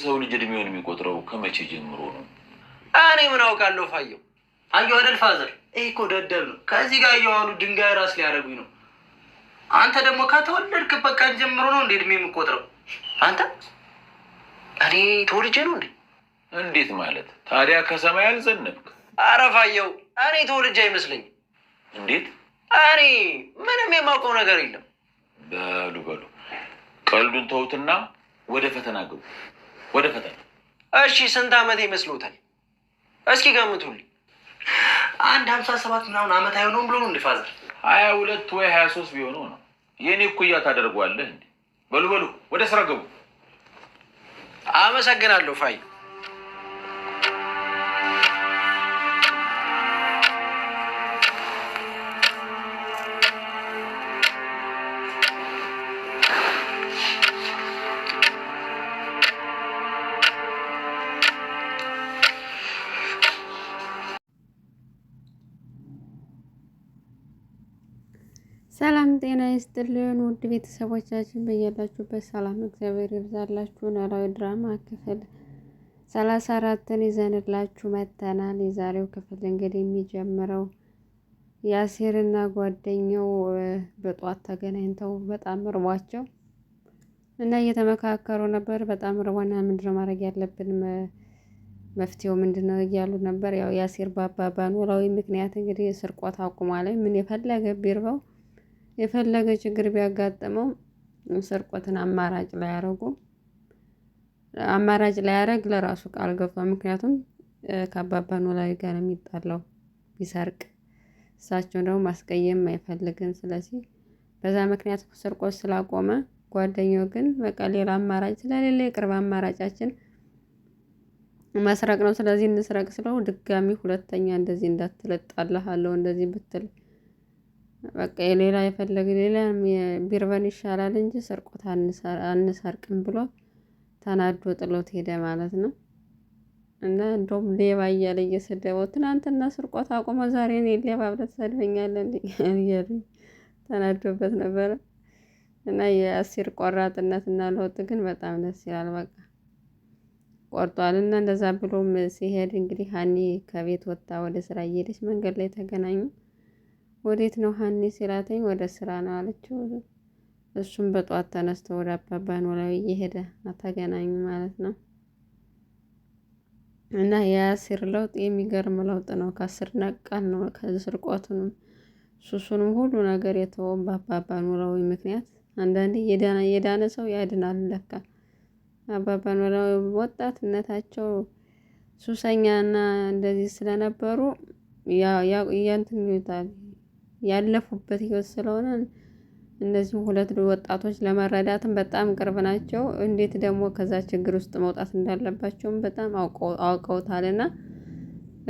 ሰው ልጅ እድሜውን የሚቆጥረው ከመቼ ጀምሮ ነው? እኔ ምን አውቃለሁ። ፋየው አየሁ አይደል ፋዘር፣ ይህ እኮ ደደብ ነው። ከዚህ ጋር እየዋሉ ድንጋይ ራስ ሊያደርጉኝ ነው። አንተ ደግሞ ከተወለድክበት ቀን ጀምሮ ነው እንደ እድሜ የምቆጥረው አንተ። እኔ ተወልጄ ነው እንዴ? እንዴት ማለት ታዲያ? ከሰማይ አልዘነብክ? አረ ፋየው፣ እኔ ተወልጄ አይመስለኝ እንዴት? እኔ ምንም የማውቀው ነገር የለም። በሉ በሉ፣ ቀልዱን ተውትና ወደ ፈተና ግቡ። ወደ ፈተና። እሺ ስንት ዓመት ይመስሎታል? እስኪ ገምቱልኝ። አንድ ሀምሳ ሰባት ምናምን ዓመት አይሆነውም ብሎ ነው እንደ ፋዘር። ሀያ ሁለት ወይ ሀያ ሶስት ቢሆነው ነው። የእኔ እኩያ ታደርገዋለህ እንዴ? በሉ በሉ ወደ ስራ ገቡ። አመሰግናለሁ ፋይ ይስጥልን ውድ ቤተሰቦቻችን በያላችሁበት ሰላም እግዚአብሔር ይብዛላችሁ። ኖላዊ ድራማ ክፍል ሰላሳ አራትን ይዘንላችሁ መጥተናል። የዛሬው ክፍል እንግዲህ የሚጀምረው የአሴርና ጓደኛው በጧት ተገናኝተው በጣም እርቧቸው እና እየተመካከሩ ነበር። በጣም እርቧና ምንድነው ማድረግ ያለብን መፍትሄው ምንድነው እያሉ ነበር። ያው የአሴር ባባባ በኖላዊ ምክንያት እንግዲህ ስርቆት አቁሟል። ምን የፈለገ ቢርበው የፈለገ ችግር ቢያጋጥመው ስርቆትን አማራጭ ላይ ያረጉ አማራጭ ላይ ያረግ ለራሱ ቃል ገባ። ምክንያቱም ከአባባ ኖላዊ ጋር የሚጣለው ቢሰርቅ እሳቸው ደግሞ ማስቀየም አይፈልግም። ስለዚህ በዛ ምክንያት ስርቆት ስላቆመ ጓደኛው ግን በቃ ሌላ አማራጭ ስለሌለ የቅርብ አማራጫችን መስረቅ ነው። ስለዚህ እንስረቅ ስለው ድጋሚ ሁለተኛ እንደዚህ እንዳትለጣልህ አለው እንደዚህ ብትል በቃ የሌላ የፈለገ ሌላ ቢርበን ይሻላል እንጂ ስርቆት አንሰርቅም ብሎ ተናዶ ጥሎት ሄደ ማለት ነው። እና እንደውም ሌባ እያለ እየሰደበው ትናንትና ስርቆት አቁመ ዛሬ እኔ ሌባ ብለህ ትሰድበኛለህ እያሉ ተናዶበት ነበረ። እና የአሲር ቆራጥነት እና ለውጥ ግን በጣም ደስ ይላል። በቃ ቆርጧል እና እንደዛ ብሎም ሲሄድ እንግዲህ ሀኒ ከቤት ወጣ ወደ ስራ እየሄደች መንገድ ላይ ተገናኙ። ወዴት ነው ሀኒ ሲላተኝ ወደ ስራ ነው አለችው። እሱም በጠዋት ተነስቶ ወደ አባባ ኖላዊ እየሄደ አታገናኙ ማለት ነው። እና የአሲር ለውጥ የሚገርም ለውጥ ነው። ከአስር ነቃል ነው። ከስርቆቱንም ሱሱንም ሁሉ ነገር የተወም በአባባ ኖላዊ ምክንያት። አንዳንዴ የዳነ ሰው ያድናል ለካ። አባባ ኖላዊ ወጣትነታቸው ሱሰኛና እንደዚህ ስለነበሩ ያንትን ይሉታል ያለፉበት ህይወት ስለሆነ እነዚህ ሁለት ወጣቶች ለመረዳትም በጣም ቅርብ ናቸው። እንዴት ደግሞ ከዛ ችግር ውስጥ መውጣት እንዳለባቸውም በጣም አውቀውታልና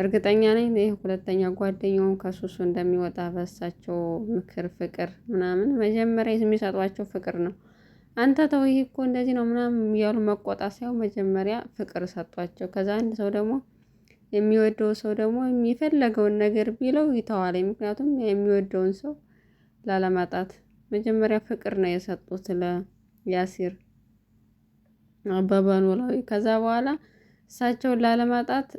እርግጠኛ ነኝ ይህ ሁለተኛ ጓደኛውን ከሱሱ እንደሚወጣ በሳቸው ምክር፣ ፍቅር ምናምን መጀመሪያ የሚሰጧቸው ፍቅር ነው። አንተ ተው እኮ እንደዚህ ነው ምናምን እያሉ መቆጣት ሳይሆን መጀመሪያ ፍቅር ሰጧቸው። ከዛ አንድ ሰው ደግሞ የሚወደው ሰው ደግሞ የሚፈለገውን ነገር ቢለው ይተዋለኝ። ምክንያቱም የሚወደውን ሰው ላለማጣት መጀመሪያ ፍቅር ነው የሰጡት ለያሲር አባባኖላዊ። ከዛ በኋላ እሳቸውን ላለማጣት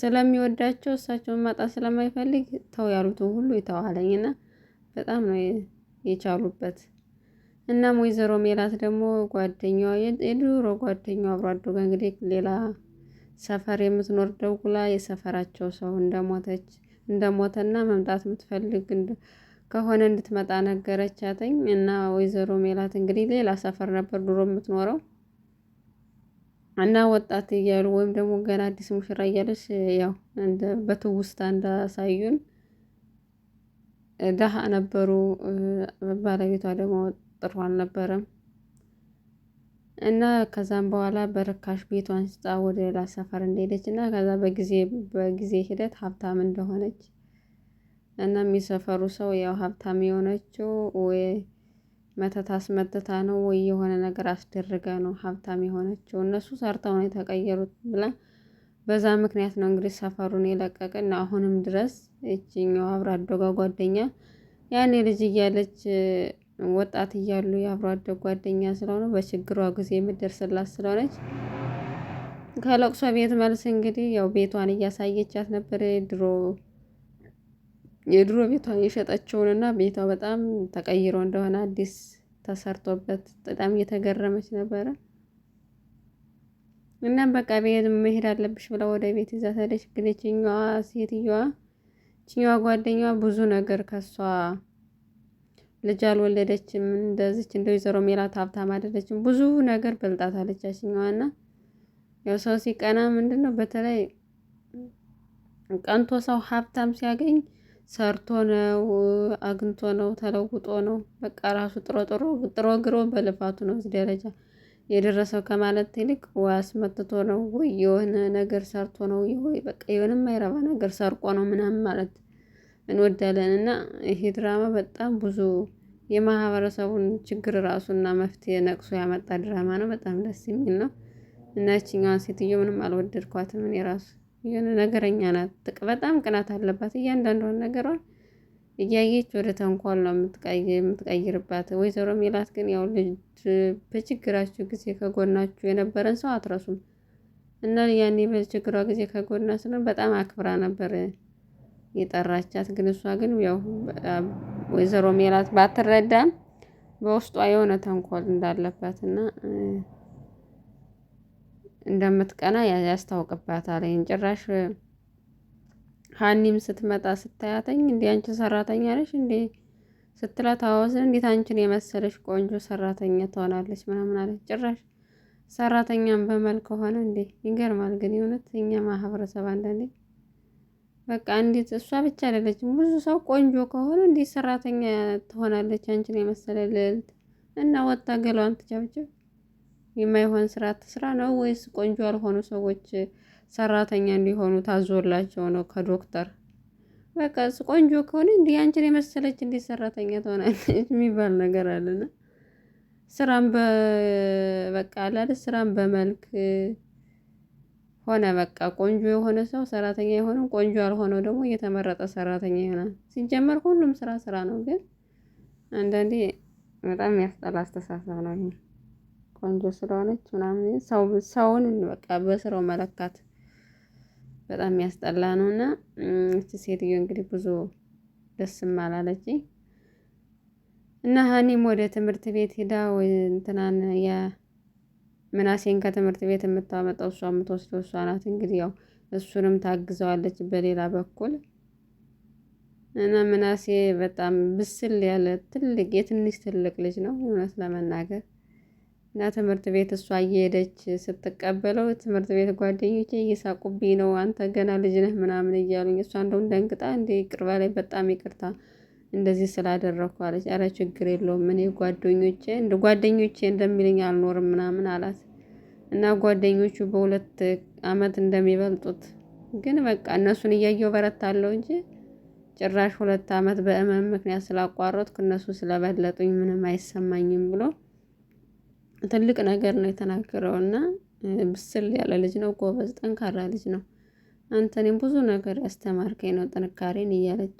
ስለሚወዳቸው እሳቸውን ማጣት ስለማይፈልግ ተው ያሉትን ሁሉ ይተዋለኝ እና በጣም ነው የቻሉበት። እናም ወይዘሮ ሜላት ደግሞ ጓደኛዋ የድሮ ጓደኛዋ አብሮ አደጋ እንግዲህ ሌላ ሰፈር የምትኖር ደውላ የሰፈራቸው ሰው እንደሞተች እንደሞተና መምጣት የምትፈልግ ከሆነ እንድትመጣ ነገረቻትኝ እና ወይዘሮ ሜላት እንግዲህ ሌላ ሰፈር ነበር ድሮ የምትኖረው እና ወጣት እያሉ ወይም ደግሞ ገና አዲስ ሙሽራ እያለች ያው በትውስታ እንዳሳዩን ደሃ ነበሩ። ባለቤቷ ደግሞ ጥሩ አልነበረም። እና ከዛም በኋላ በርካሽ ቤቷን ስጣ ወደ ሌላ ሰፈር እንደሄደች እና ከዛ በጊዜ በጊዜ ሂደት ሀብታም እንደሆነች እና የሚሰፈሩ ሰው ያው ሀብታም የሆነችው ወይ መተት አስመትታ ነው ወይ የሆነ ነገር አስደርጋ ነው ሀብታም የሆነችው እነሱ ሰርተው ነው የተቀየሩት ብላ በዛ ምክንያት ነው እንግዲህ ሰፈሩን የለቀቅን። አሁንም ድረስ ይቺኛው አብሮ ጓደኛ ያኔ ልጅ እያለች ወጣት እያሉ የአብሮ አደግ ጓደኛ ስለሆኑ በችግሯ ጊዜ የምደርስላት ስለሆነች ከለቅሶ ቤት መልስ እንግዲህ ያው ቤቷን እያሳየቻት ነበር። ድሮ የድሮ ቤቷን እና ቤቷ በጣም ተቀይሮ እንደሆነ አዲስ ተሰርቶበት በጣም እየተገረመች ነበረ። እናም በቃ ቤት መሄድ አለብሽ ብላ ወደ ቤት ይዛት ግን ችኛዋ ሴትየዋ ችኛዋ ጓደኛዋ ብዙ ነገር ከሷ ልጅ አልወለደችም እንደዚች እንደ ወይዘሮ ሜላት ሀብታም አይደለችም። ብዙ ነገር በልጣታለች ያችኛዋና ያው ሰው ሲቀና ምንድን ነው በተለይ ቀንቶ ሰው ሀብታም ሲያገኝ ሰርቶ ነው አግኝቶ ነው ተለውጦ ነው በቃ ራሱ ጥሮ ጥሮ ጥሮ ግሮ በልፋቱ ነው እዚህ ደረጃ የደረሰው ከማለት ይልቅ ወይ አስመትቶ ነው ወይ የሆነ ነገር ሰርቶ ነው ወይ በቃ የሆነ የማይረባ ነገር ሰርቆ ነው ምናምን ማለት እንወዳለን እና ይሄ ድራማ በጣም ብዙ የማህበረሰቡን ችግር ራሱና መፍትሄ ነቅሶ ያመጣ ድራማ ነው። በጣም ደስ የሚል ነው። እና ያቺኛዋን ሴትዮ ምንም አልወደድኳትም እኔ ራሱ የሆነ ነገረኛ ናት። በጣም ቅናት አለባት። እያንዳንዷን ነገሯን እያየች ወደ ተንኮል ነው የምትቀይርባት። ወይዘሮ ሜላት ግን ያው ልጅ በችግራችሁ ጊዜ ከጎናችሁ የነበረን ሰው አትረሱም እና ያኔ በችግሯ ጊዜ ከጎና ስለ በጣም አክብራ ነበር የጠራቻት ግን እሷ ግን ያው ወይዘሮ ሜላት ባትረዳም በውስጧ የሆነ ተንኮል እንዳለባት እና እንደምትቀና ያስታውቅባታል። ጭራሽ ሀኒም ስትመጣ ስታያተኝ እንዲ አንቺ ሰራተኛ ነሽ እንዲ ስትላት አወዝን እንዴት አንቺን የመሰለሽ ቆንጆ ሰራተኛ ትሆናለች ምናምን አለች። ጭራሽ ሰራተኛም በመልክ ሆነ እንዴ! ይገርማል። ግን የእውነት እኛ ማህበረሰብ አንዳንዴ በቃ እንዴት እሷ ብቻ አይደለችም፣ ብዙ ሰው ቆንጆ ከሆነ እንዴት ሰራተኛ ትሆናለች አንቺን የመሰለ ልዕልት እና ወጣ ገላዋን ትጨብጭብ። የማይሆን ስራ ትስራ ነው ወይስ ቆንጆ ያልሆኑ ሰዎች ሰራተኛ እንዲሆኑ ታዞላቸው ነው ከዶክተር? በቃ እሱ ቆንጆ ከሆነ እንዲህ አንቺን የመሰለች እንዴት ሰራተኛ ትሆናለች የሚባል ነገር አለና ስራን በቃ አላለ ስራም በመልክ ሆነ በቃ ቆንጆ የሆነ ሰው ሰራተኛ የሆነው ቆንጆ ያልሆነው ደግሞ እየተመረጠ ሰራተኛ ይሆናል። ሲጀመር ሁሉም ስራ ስራ ነው። ግን አንዳንዴ በጣም የሚያስጠላ አስተሳሰብ ነው ይሄ። ቆንጆ ስለሆነች ምናምን ሰው ሰውን በቃ በስራው መለካት በጣም የሚያስጠላ ነው። እና እቺ ሴትዮ እንግዲህ ብዙ ደስም አላለችኝ እና ሀኒም ወደ ትምህርት ቤት ሄዳ እንትናን ምናሴን ከትምህርት ቤት የምታመጣው እሷ የምትወስደው እሷ ናት። እንግዲህ ያው እሱንም ታግዘዋለች በሌላ በኩል እና ምናሴ በጣም ብስል ያለ ትልቅ የትንሽ ትልቅ ልጅ ነው እውነት ለመናገር እና ትምህርት ቤት እሷ እየሄደች ስትቀበለው ትምህርት ቤት ጓደኞቼ እየሳቁብኝ ነው፣ አንተ ገና ልጅ ነህ ምናምን እያሉኝ እሷ እንደውም ደንግጣ እንዲ ቅርባ ላይ በጣም ይቅርታ እንደዚህ ስላደረግኩ አለች። አረ ችግር የለውም እኔ ጓደኞቼ እንደ ጓደኞቼ እንደሚልኝ አልኖርም ምናምን አላት እና ጓደኞቹ በሁለት አመት እንደሚበልጡት ግን በቃ እነሱን እያየው በረታለሁ እንጂ ጭራሽ ሁለት አመት በእመም ምክንያት ስላቋረጥኩ እነሱ ስለበለጡኝ ምንም አይሰማኝም ብሎ ትልቅ ነገር ነው የተናገረው እና ብስል ያለ ልጅ ነው፣ ጎበዝ ጠንካራ ልጅ ነው። አንተ እኔም ብዙ ነገር ያስተማርከኝ ነው ጥንካሬን እያለች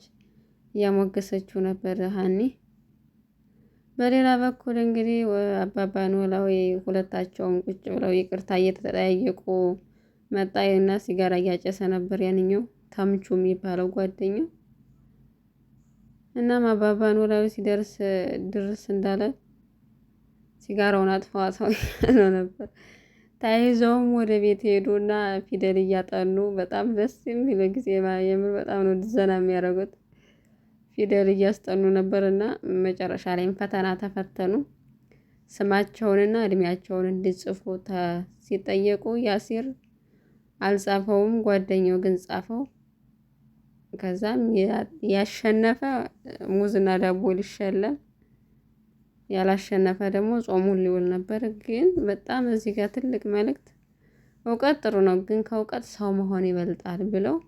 እያሞገሰችው ነበር ሀኒ። በሌላ በኩል እንግዲህ አባባ ኖላዊ ሁለታቸውም ቁጭ ብለው ይቅርታ እየተጠያየቁ መጣይና ሲጋራ እያጨሰ ነበር ያንኛው ታምቹ የሚባለው ጓደኛው። እናም አባባ ኖላዊ ሲደርስ ድርስ እንዳለ ሲጋራውን አጥፋዋ ሰው ያለው ነበር። ተያይዘውም ወደ ቤት ሄዱና ፊደል እያጠኑ በጣም ደስ የሚለው ጊዜ የምር በጣም ነው ዘና የሚያደርጉት። ፊደል እያስጠኑ ነበርና መጨረሻ ላይም ፈተና ተፈተኑ። ስማቸውንና እድሜያቸውን እንዲጽፉ ሲጠየቁ ያሲር አልጻፈውም፣ ጓደኛው ግን ጻፈው። ከዛም ያሸነፈ ሙዝና ዳቦ ሊሸለም፣ ያላሸነፈ ደግሞ ጾሙን ሊውል ነበር። ግን በጣም እዚህ ጋር ትልቅ መልእክት እውቀት ጥሩ ነው፣ ግን ከእውቀት ሰው መሆን ይበልጣል ብለው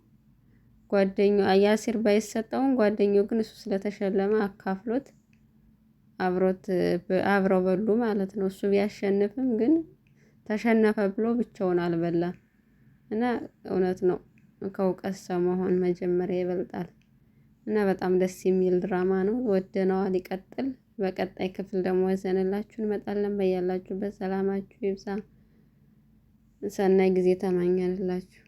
ጓደኛ ያሲር ባይሰጠውም ጓደኛው ግን እሱ ስለተሸለመ አካፍሎት አብሮት አብረው በሉ ማለት ነው። እሱ ቢያሸንፍም ግን ተሸነፈ ብሎ ብቻውን አልበላም እና እውነት ነው ከእውቀት ሰው መሆን መጀመሪያ ይበልጣል እና በጣም ደስ የሚል ድራማ ነው። ወደነዋል። ይቀጥል። በቀጣይ ክፍል ደግሞ ወዘንላችሁ እንመጣለን። በያላችሁበት ሰላማችሁ ይብዛ። ሰናይ ጊዜ ተመኘንላችሁ።